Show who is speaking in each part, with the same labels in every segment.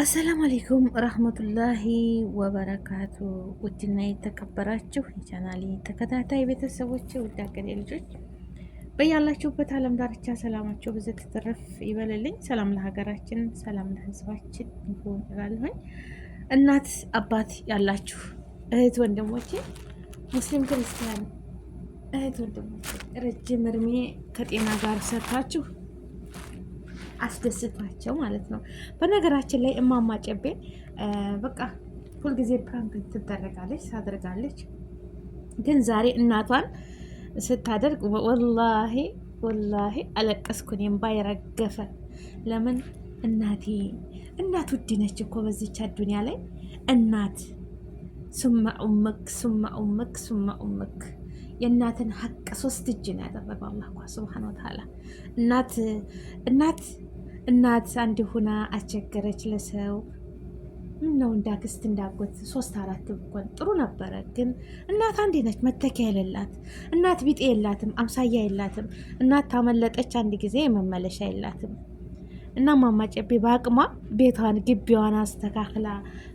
Speaker 1: አሰላሙ አሌይኩም ረህመቱላሂ ወበረካቱ። ውድና የተከበራችሁ የቻናሌ ተከታታይ ቤተሰቦች፣ ውድ አገሬ ልጆች በያላችሁበት አለም ዳርቻ ሰላማችሁ ብዙ ትትረፍ ይበልልኝ። ሰላም ለሀገራችን፣ ሰላም ለህዝባችን ይሁን እላለሁኝ። እናት አባት ያላችሁ እህት ወንድሞቼ፣ ሙስሊም ክርስቲያን እህት ወንድሞቼ ረጅም እድሜ ከጤና ጋር ሰርታችሁ አስደስቷቸው ማለት ነው። በነገራችን ላይ እማማ ጨቤ በቃ ሁልጊዜ ፕራንክ ትደረጋለች ታደርጋለች። ግን ዛሬ እናቷን ስታደርግ ወላሂ ወላሂ አለቀስኩን፣ እምባ ለምን እናቴ እናት ውድ ነች እኮ በዚች አዱኒያ ላይ እናት ሱማ ኡመክ ሱማ ኡመክ ሱማ ኡመክ የእናትን ሀቅ ሶስት እጅ ነው ያደረገው አላህ ሱብሓነሁ ወተዓላ እናት እናት እናት አንድ ሁና አስቸገረች ለሰው ነው እንዳክስት እንዳጎት ሶስት አራት ብኮን ጥሩ ነበረ። ግን እናት አንዴ ነች፣ መተኪያ የሌላት እናት ቢጤ የላትም፣ አምሳያ የላትም። እናት ታመለጠች አንድ ጊዜ መመለሻ የላትም። እና ማማጨቤ ጨቤ በአቅሟ ቤቷን ግቢዋን አስተካክላ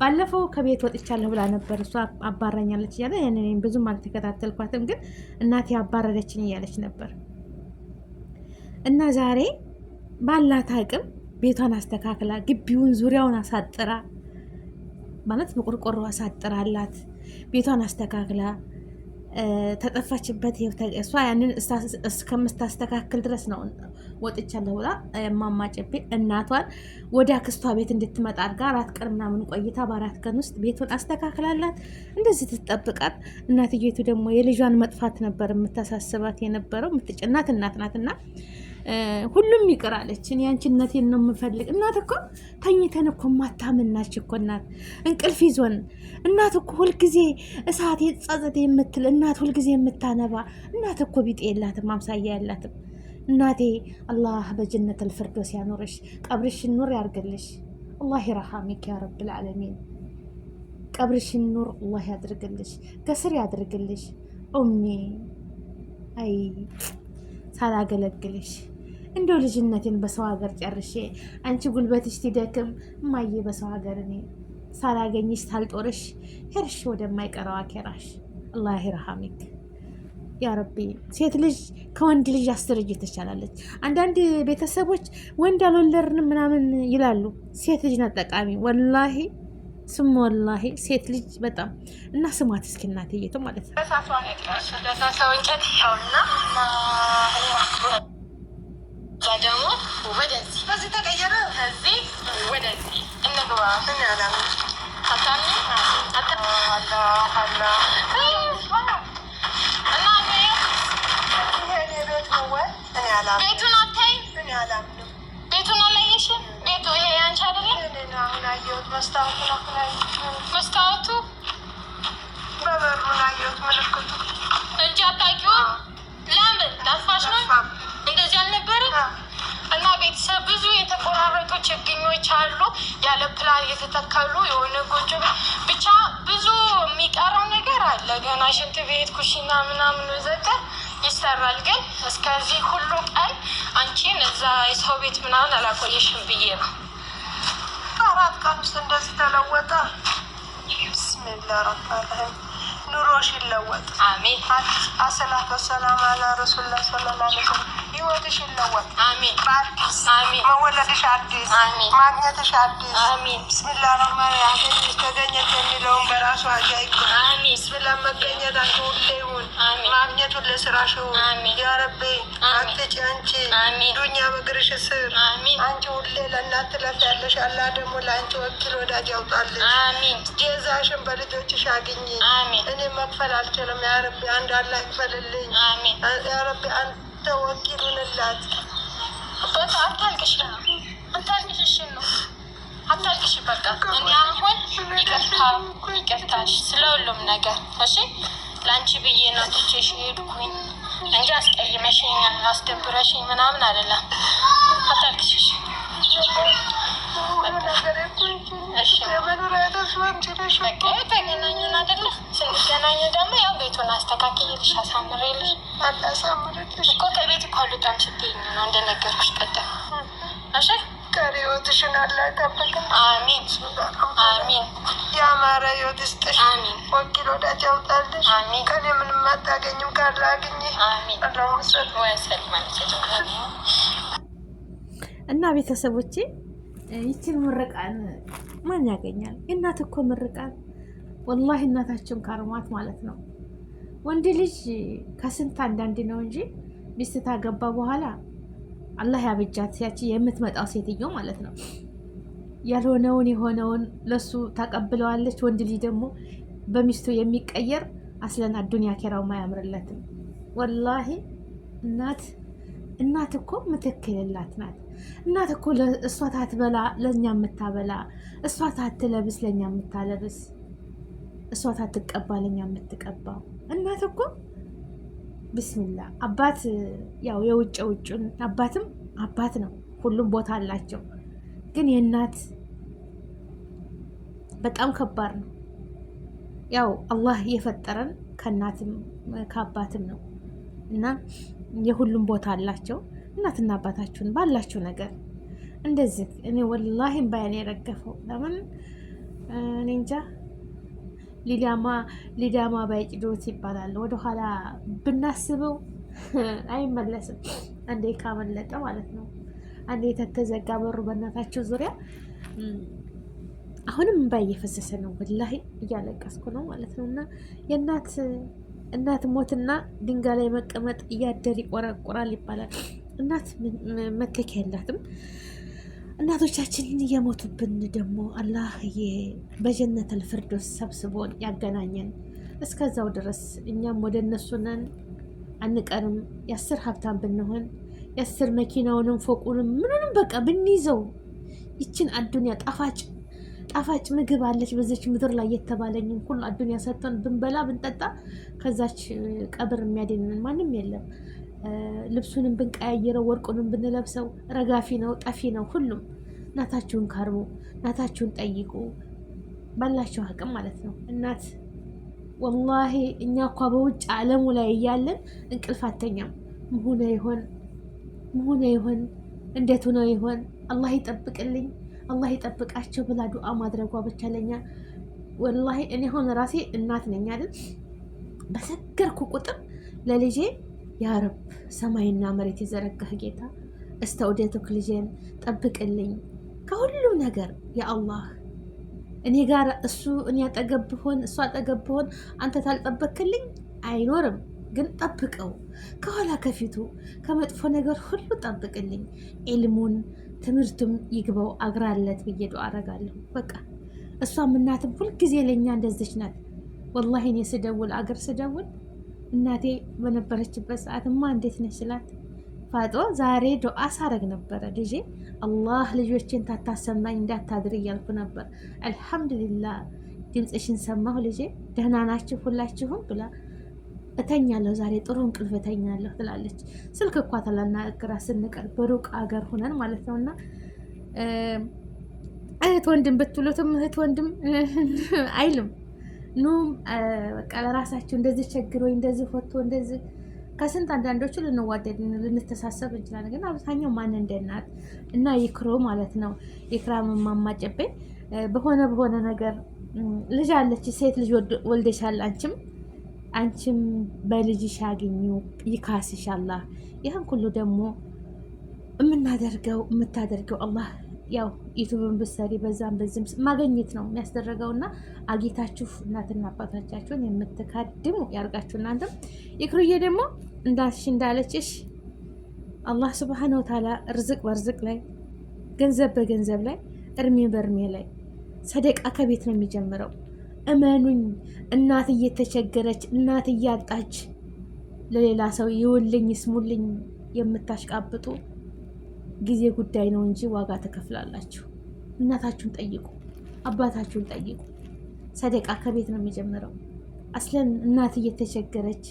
Speaker 1: ባለፈው ከቤት ወጥቻለሁ ብላ ነበር። እሷ አባረኛለች እያለ ያንን ብዙም አልተከታተልኳትም፣ ግን እናቴ አባረረችኝ እያለች ነበር እና ዛሬ ባላት አቅም ቤቷን አስተካክላ ግቢውን ዙሪያውን አሳጥራ ማለት በቆርቆሮ አሳጥራላት ቤቷን አስተካክላ ተጠፋችበት እሷ ያንን እስከምታስተካክል ድረስ ነው ወጥቻለሁ ብላ የማማጨቤ እናቷን ወደ አክስቷ ቤት እንድትመጣ አድርጋ አራት ቀን ምናምን ቆይታ በአራት ቀን ውስጥ ቤቱን አስተካክላላት እንደዚህ ትጠብቃት። እናትየቱ ደግሞ የልጇን መጥፋት ነበር የምታሳስባት የነበረው። ምትጭናት እናት ናትና ሁሉም ይቅር አለች። እኔ አንቺነቴን ነው የምፈልግ። እናት እኮ ተኝተን እኮ ማታምናች እኮ እናት እንቅልፍ ይዞን እናት እኮ ሁልጊዜ እሳት ጸጸቴ የምትል እናት ሁልጊዜ የምታነባ እናት እኮ ቢጤ የላትም፣ አምሳያ የላትም። እናቴ አላህ በጀነት አልፊርዶስ ያኖርሽ፣ ቀብርሽን ኑር ያርግልሽ። አላህ ይረሃሚክ ያ ረብል ዓለሚን። ቀብርሽን ኑር አላህ ያድርግልሽ፣ ከስር ያድርግልሽ። ኡሜ አይ ሳላገለግልሽ እንደው ልጅነቴን በሰው ሀገር ጨርሼ አንቺ ጉልበትሽ ሲደክም እማዬ በሰው ሀገር እኔ ሳላገኝሽ ሳልጦርሽ ሄርሽ ወደማይቀረው አኬራሽ አላህ ይርሐሚክ ያ ረቢ። ሴት ልጅ ከወንድ ልጅ አስር እጅ ትቻላለች። አንዳንድ ቤተሰቦች ወንድ አልወለድንም ምናምን ይላሉ። ሴት ልጅ ናት ጠቃሚ። ወላሂ ስም ወላሂ ሴት ልጅ በጣም እና ስማት እስኪ እናትየቱ ማለት ነው እዛ ደግሞ ወደዚህ በዚህ ተቀየረ። ከዚህ ወደዚህ እንግባ ቤቱን አታይ ቤቱን አላየሽም? ቤቱ ይሄ ያንቺ አይደለም? መስታወቱ በበሩ አየሁት ምልክቱ እንጂ አታውቂውም ቤተሰብ ብዙ የተቆራረጡ ችግኞች አሉ፣ ያለ ፕላን የተተከሉ የሆነ ጎጆ ብቻ ብዙ የሚቀረው ነገር አለ። ገና ሽንት ቤት፣ ኩሽና ምናምን ወዘተ ይሰራል። ግን እስከዚህ ሁሉ ቀን አንቺን እዛ የሰው ቤት ምናምን አላቆየሽም ብዬ ነው። አራት ቀን ውስጥ እንደዚህ ተለወጠ። ብስሚላ ኑሮሽ ይለወጥ። አሜን። አሰላቱ ወሰላም አላ ረሱላ ሰለላ ህይወትሽ ይለወጥ። አሜን። በአዲስ አሜን። መወለድሽ አዲስ አሜን። ማግኘትሽ አዲስ አሜን። ብስሚላ ረህማን ራሂም ተገኘት የሚለውን በራሱ አጃይቅ አሜን። ብስሚላ መገኘት አንተ ሁሌ ይሁን፣ ማግኘት ሁሌ ስራሽ ይሁን። አሜን። ያ ረቤ አንቺ አሜን። ዱንያ በእግርሽ ስር አሜን። አንቺ ሁሌ ለእናት ትለፊያለሽ። አላ ደግሞ ለአንቺ ወኪል ወዳጅ ያውጣልሽ። አሜን። ጀዛሽን በልጆችሽ አግኝ አሜን። እኔ መክፈል አልችልም። ያረቢ አንድ አላህ ይክፈልልኝ። ያረቢ አንተ ወኪሉንላት በቃ አታልቅሽ፣ አታልቅሽ። ነው አታልቅሽ። በቃ እኔ አሁን ይቅርታ ይቅርታሽ ስለ ሁሉም ነገር እሺ። ለአንቺ ብዬ ነው ትቼሽ ሄድኩኝ እንጂ አስቀይመሽኝ አስደብረሽኝ ምናምን አይደለም። አታልቅሽሽ ስንገናኝ ደግሞ ያው ቤቱን አስተካክዬልሽ አሳምሬልሽ እኮ ከቤት እኮ አልወጣም ስትይኝ ነው እንደነገርኩሽ እሺ ቀሪ ህይወትሽን ይጠብቅን። አሚን አሚን። የአማረ ህይወት ይስጥሽ። አሚን። ወኪል ወዳጅ ያውጣልሽ። አሚን። ከኔ ምንም አታገኝም ካለ አግኝ። አሚን። እና ቤተሰቦቼ ይችን ምርቃን ማን ያገኛል? እናት እኮ ምርቃን ወላሂ እናታችን ካርማት ማለት ነው። ወንድ ልጅ ከስንት አንዳንድ ነው እንጂ ሚስት ታገባ በኋላ አላህ ያብጃት ያቺ የምትመጣው ሴትዮ ማለት ነው። ያልሆነውን የሆነውን ለሱ ታቀብለዋለች። ወንድ ልጅ ደግሞ በሚስቱ የሚቀየር አስለን አዱንያ ኬራው ማያምርለትም። ወላሂ እናት እናት እኮ ምትክልላት ናት። እናት እኮ እሷ ታትበላ ለእኛ የምታበላ፣ እሷ ታትለብስ ለእኛ የምታለብስ፣ እሷ ታትቀባ ለእኛ የምትቀባ እናት እኮ ብስሚላ። አባት ያው የውጭ ውጭን አባትም አባት ነው፣ ሁሉም ቦታ አላቸው። ግን የእናት በጣም ከባድ ነው። ያው አላህ የፈጠረን ከእናትም ከአባትም ነው እና የሁሉም ቦታ አላቸው። እናትና አባታችሁን ባላችሁ ነገር እንደዚህ እኔ ወላሂም ባያን የረገፈው ለምን እኔ እንጃ ሊዳማ ሊዳማ ባይጭዶት ይባላል። ወደኋላ ብናስበው አይመለስም። አንዴ ካመለጠ ማለት ነው። አንዴ የተዘጋ በሩ በእናታቸው ዙሪያ አሁንም እምባ እየፈሰሰ ነው። ወላሂ እያለቀስኩ ነው ማለት ነው። እና የእናት እናት ሞትና ድንጋይ ላይ መቀመጥ እያደር ይቆረቆራል ይባላል። እናት መተኪያ የላትም። እናቶቻችንን እየሞቱብን ደግሞ አላህ በጀነተል ፊርደውስ ሰብስቦን ያገናኘን። እስከዛው ድረስ እኛም ወደ እነሱ ነን፣ አንቀርም። የአስር ሀብታም ብንሆን የአስር መኪናውንም ፎቁንም ምኑንም በቃ ብንይዘው ይችን አዱኒያ ጣፋጭ ጣፋጭ ምግብ አለች በዚች ምድር ላይ የተባለኝን ሁሉ አዱኒያ ሰጥቶን ብንበላ ብንጠጣ ከዛች ቀብር የሚያድንን ማንም የለም። ልብሱንም ብንቀያየረው ወርቁንም ብንለብሰው ረጋፊ ነው፣ ጠፊ ነው። ሁሉም እናታችሁን ካርሙ፣ እናታችሁን ጠይቁ፣ ባላቸው አቅም ማለት ነው። እናት ወላሂ እኛ እኳ በውጭ አለሙ ላይ እያለን እንቅልፍ አተኛም። ምሆነ ይሆን ምሆነ ይሆን እንዴት ሆነ ይሆን አላህ ይጠብቅልኝ፣ አላህ ይጠብቃቸው ብላ ዱዓ ማድረጓ ብቻ ለኛ ወላሂ እኔ ሆነ ራሴ እናት ነኝ አይደል በሰገርኩ ቁጥር ለልጄ ያረብ ሰማይና መሬት የዘረጋህ ጌታ እስተ ውደትክ ልጄን ጠብቅልኝ ከሁሉ ነገር የአላህ እኔ ጋር እሱ እኔ አጠገብ ብሆን እሱ አጠገብ ብሆን አንተ ታልጠበክልኝ አይኖርም። ግን ጠብቀው ከኋላ ከፊቱ ከመጥፎ ነገር ሁሉ ጠብቅልኝ። ዒልሙን ትምህርቱም ይግባው አግራለት ብዬ ዱዓ አረጋለሁ። በቃ እሷም እናትም ሁልጊዜ ለእኛ እንደዚች ናት። ወላሂ እኔ ስደውል አገር ስደውል እናቴ በነበረችበት ሰዓትማ እንዴት ነሽ ስላት ፋጦ ዛሬ ዶአ ሳረግ ነበረ። ልጄ አላህ ልጆችን ታታሰማኝ እንዳታድር እያልኩ ነበር። አልሐምዱሊላ ድምፅሽን ሰማሁ ልጄ፣ ደህና ናችሁ ሁላችሁም ብላ እተኛለሁ ዛሬ ጥሩ እንቅልፍ እተኛለሁ ትላለች። ስልክ እኳ ተላናግራ ስንቀር በሩቅ አገር ሁነን ማለት ነው እና እህት ወንድም ብትሉትም እህት ወንድም አይልም ኑ በቃ ለራሳቸው እንደዚህ ቸግሮኝ እንደዚህ ፎቶ እንደዚህ ከስንት አንዳንዶቹ ልንዋደድ ልንተሳሰብ እንችላለን፣ ግን አብዛኛው ማን እንደናት እና ይክሮ ማለት ነው። ይክራም ማማጨብኝ በሆነ በሆነ ነገር ልጅ አለች ሴት ልጅ ወልደሻል። አንቺም አንቺም በልጅሽ ያግኙ ይካስሽ አላህ። ይህን ሁሉ ደግሞ የምናደርገው የምታደርገው አላህ ያው ዩቱብን ብሰሪ በዛም በዚህም ማገኘት ነው የሚያስደረገውና አጌታችሁ እናትና አባቶቻችሁን የምትካድሙ ያርጋችሁ። እናንተም የክሩዬ ደግሞ እንዳልሽ እንዳለችሽ አላህ ስብሓን ወታላ ርዝቅ በርዝቅ ላይ፣ ገንዘብ በገንዘብ ላይ፣ እርሜ በእርሜ ላይ ሰደቃ ከቤት ነው የሚጀምረው። እመኑኝ እናት እየተቸገረች እናት እያጣች ለሌላ ሰው ይውልኝ ይስሙልኝ የምታሽቃብጡ ጊዜ ጉዳይ ነው እንጂ ዋጋ ትከፍላላችሁ። እናታችሁን ጠይቁ፣ አባታችሁን ጠይቁ። ሰደቃ ከቤት ነው የሚጀምረው። አስለን እናት እየተቸገረች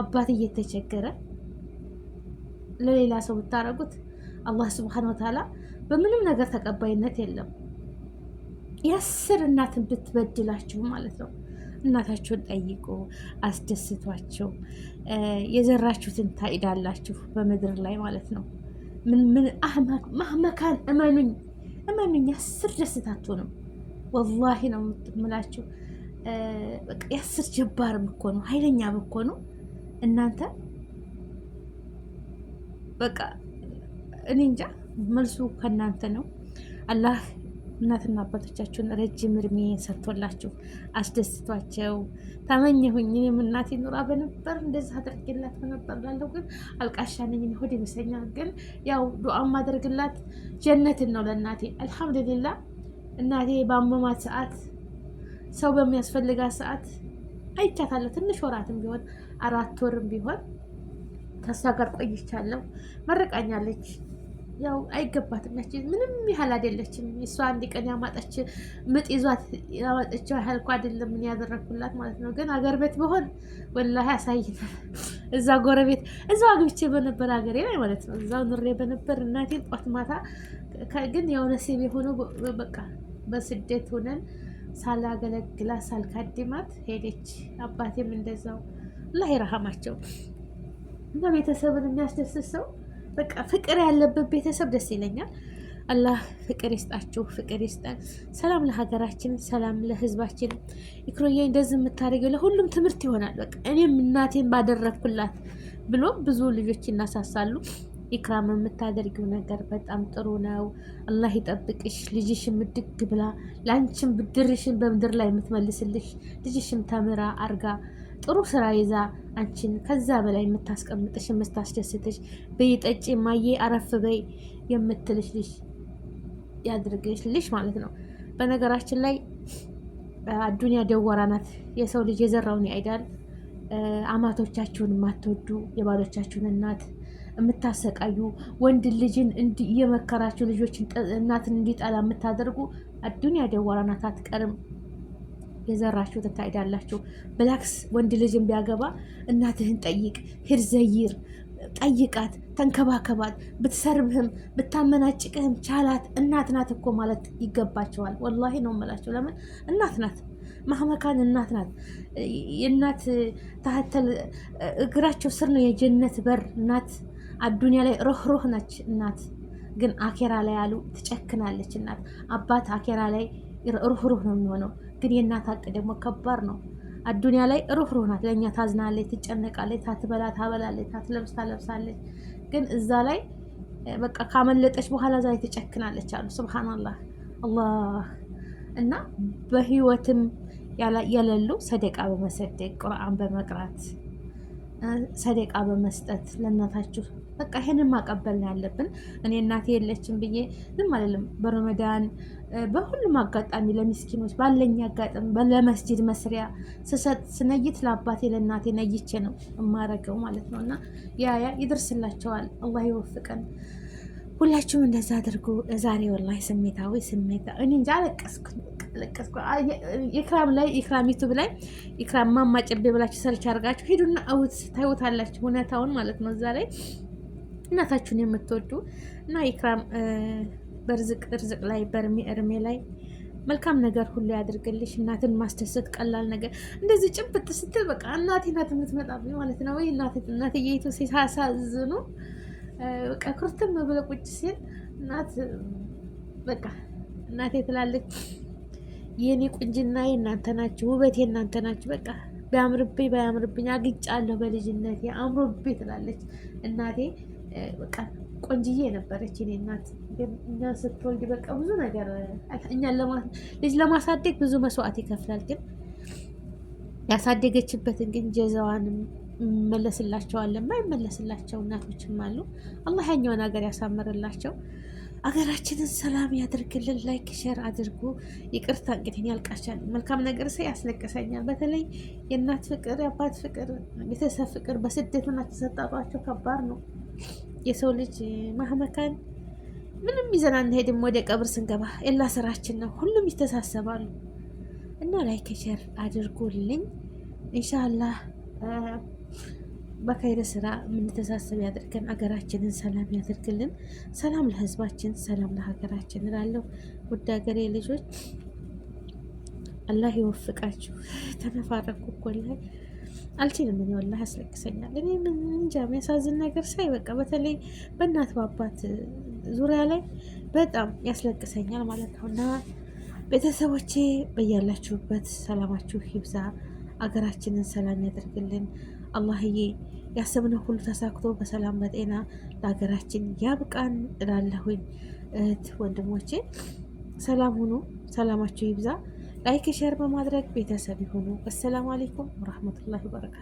Speaker 1: አባት እየተቸገረ ለሌላ ሰው ብታረጉት አላህ ስብሓን ወተዓላ በምንም ነገር ተቀባይነት የለም። የአስር እናትን ብትበድላችሁ ማለት ነው። እናታችሁን ጠይቁ፣ አስደስቷቸው። የዘራችሁትን ታይዳላችሁ በምድር ላይ ማለት ነው። ምን መካን እመኑኝ እመኑኝ ያስር ደስታ አትሆንም። ወላሂ ነው የምላችሁ። ያስር ጀባር ብኮ ነው ኃይለኛ ብኮ ነው እናንተ በቃ እኔ እንጃ መልሱ ከእናንተ ነው። አላህ እናትና አባቶቻችሁን ረጅም እድሜ ሰጥቶላችሁ አስደስቷቸው ታመኘሁኝ። እኔም እናቴ ኑራ በነበር እንደዚህ አድርጌላት በነበር ላለው ግን አልቃሻ ነኝ ሆድ ይመስለኛል። ግን ያው ዱዓ ማደርግላት ጀነትን ነው ለእናቴ አልሐምዱሊላ። እናቴ በአመማት ሰዓት ሰው በሚያስፈልጋት ሰዓት አይቻታለሁ። ትንሽ ወራትም ቢሆን አራት ወርም ቢሆን ከእሷ ጋር ቆይቻለሁ። መርቃኛለች። ያው አይገባትም። ያች ምንም ያህል አይደለችም። እሷ አንድ ቀን ያማጠች ምጥ ይዟት ያማጠችው ያህል እኮ አይደለም ምን ያደረግኩላት ማለት ነው። ግን አገር ቤት በሆን ወላሂ ያሳይናል። እዛ ጎረቤት እዛው አግብቼ በነበር ሀገሬ ላይ ማለት ነው። እዛው ኑሬ በነበር እናቴን ጧት ማታ። ግን ያው ነሴብ የሆነው በቃ በስደት ሆነን ሳላገለግላት ሳልካዲማት ሄደች። አባቴም እንደዛው ላይ ረሃማቸው እና ቤተሰብን የሚያስደስት ሰው በቃ ፍቅር ያለበት ቤተሰብ ደስ ይለኛል። አላህ ፍቅር ይስጣችሁ፣ ፍቅር ይስጣል። ሰላም ለሀገራችን፣ ሰላም ለህዝባችን ኢክሮዬ እንደዚህ የምታደርገው ለሁሉም ትምህርት ይሆናል። በቃ እኔም እናቴን ባደረግኩላት ብሎ ብዙ ልጆች ይናሳሳሉ። ኢክራም የምታደርጊው ነገር በጣም ጥሩ ነው። አላህ ይጠብቅሽ። ልጅሽም ምድግ ብላ ለአንቺም ብድርሽን በምድር ላይ የምትመልስልሽ ልጅሽም ተምራ አርጋ ጥሩ ስራ ይዛ አንቺን ከዛ በላይ የምታስቀምጥሽ የምታስደስትሽ በይ ጠጪ ማዬ አረፍ በይ የምትልሽ ልሽ ያድርግሽ ልሽ ማለት ነው። በነገራችን ላይ አዱንያ ደወራ ናት። የሰው ልጅ የዘራውን ያይዳል። አማቶቻችሁን የማትወዱ የባሎቻችሁን እናት የምታሰቃዩ ወንድ ልጅን እየመከራችሁ ልጆችን እናትን እንዲጠላ የምታደርጉ አዱኒያ ደወራ ናት፣ አትቀርም። የዘራችሁ ታጭዳላችሁ። ብላክስ ወንድ ልጅን ቢያገባ እናትህን ጠይቅ፣ ሂድ ዘይር፣ ጠይቃት፣ ተንከባከባት። ብትሰርብህም ብታመናጭቅህም ቻላት። እናት ናት እኮ ማለት ይገባቸዋል። ወላሂ ነው የምላቸው። ለምን እናት ናት፣ ማህመካን እናት ናት። የእናት ታህተል እግራቸው ስር ነው የጀነት በር። እናት አዱኒያ ላይ ሮህሮህ ናች እናት ግን አኬራ ላይ ያሉ ትጨክናለች እናት። አባት አኬራ ላይ ሩህሩህ ነው የሚሆነው። ግን የእናት ሀቅ ደግሞ ከባድ ነው። አዱኒያ ላይ ሩህሩህ ናት። ለእኛ ታዝናለች፣ ትጨነቃለች፣ ታትበላ ታበላለች፣ ታትለብስ ታለብሳለች። ግን እዛ ላይ በቃ ካመለጠች በኋላ እዛ ላይ ትጨክናለች አሉ። ስብሓናላህ አላህ እና በህይወትም የሌሉ ሰደቃ በመሰደቅ ቁርአን በመቅራት ሰደቃ በመስጠት ለእናታችሁ በቃ ይሄንን ማቀበል ነው ያለብን። እኔ እናቴ የለችም ብዬ ዝም አልልም። በረመዳን በሁሉም አጋጣሚ ለሚስኪኖች ባለኝ አጋጣሚ ለመስጂድ መስሪያ ስሰጥ ስነይት ለአባቴ ለእናቴ ነይቼ ነው የማረገው ማለት ነው። እና ያ ያ ይደርስላቸዋል። አላህ ይወፍቀን። ሁላችሁም እንደዛ አድርጉ። ዛሬ ወላሂ ስሜታዊ ስሜታ እኔ እንጃ አለቀስኩ አለቀስኩ። ኢክራም ላይ ኢክራም ዩቱብ ላይ ኢክራም ማማጨቤ ብላችሁ ሰርች አድርጋችሁ ሄዱና እውት ታዩታላችሁ፣ እውነታውን ማለት ነው እዛ ላይ እናታችሁን የምትወዱ እና ኢክራም በርዝቅ እርዝቅ ላይ በእርሜ እርሜ ላይ መልካም ነገር ሁሉ ያድርግልሽ። እናትን ማስደሰት ቀላል ነገር እንደዚህ ጭብጥ ስትል በቃ እናቴ ናት የምትመጣብኝ ማለት ነው። ወይ እናት የይቶ ሲያሳዝኑ በቃ ኩርትም ብሎ ቁጭ ሲል እናት በቃ እናቴ ትላለች። የእኔ ቁንጅና የእናንተ ናችሁ፣ ውበት የእናንተ ናችሁ። በቃ ቢያምርብኝ ባያምርብኝ አግኝጫለሁ በልጅነቴ አምሮብኝ ትላለች እናቴ በቃ ቆንጅዬ የነበረች ኔ እናት እኛ ስትወልድ በቃ ብዙ ነገር እኛን ልጅ ለማሳደግ ብዙ መስዋዕት ይከፍላል። ግን ያሳደገችበትን ግን ጀዛዋን መለስላቸዋለን የማይመለስላቸው እናቶችም አሉ። አላህ ያኛውን ሀገር ያሳምርላቸው። ሀገራችንን ሰላም ያድርግልን። ላይክ ሸር አድርጉ። ይቅርታ እንግዲህ ያልቃሻል። መልካም ነገር ሰ ያስለቅሰኛል። በተለይ የእናት ፍቅር፣ የአባት ፍቅር፣ ቤተሰብ ፍቅር በስደትና ተሰጣጧቸው ከባድ ነው። የሰው ልጅ ማህመካን ምንም ይዘን አንሄድም። ወደ ቀብር ስንገባ የላ ስራችን ነው። ሁሉም ይተሳሰባሉ እና ላይክ ሸር አድርጉልኝ። ኢንሻአላህ በከይረ ስራ የምንተሳሰብ ያደርገን፣ አገራችንን ሰላም ያደርግልን ሰላም ለህዝባችን፣ ሰላም ለሀገራችን እላለሁ። ውድ ሀገሬ ልጆች አላህ ይወፍቃችሁ። ተነፋረኩ እኮ ላይ አልችልም። እኔ ወላሂ ያስለቅሰኛል። እኔ ምን እንጃ የሚያሳዝን ነገር ሳይ በቃ በተለይ በእናት በአባት ዙሪያ ላይ በጣም ያስለቅሰኛል ማለት ነው። እና ቤተሰቦቼ በያላችሁበት ሰላማችሁ ይብዛ፣ አገራችንን ሰላም ያደርግልን አላህዬ ያሰብነው ሁሉ ተሳክቶ በሰላም በጤና ለሀገራችን ያብቃን እላለሁኝ። እህት ወንድሞቼ ሰላም ሁኑ፣ ሰላማችሁ ይብዛ። لايك شير بمادرك بيتسابي هنا السلام عليكم ورحمة الله وبركاته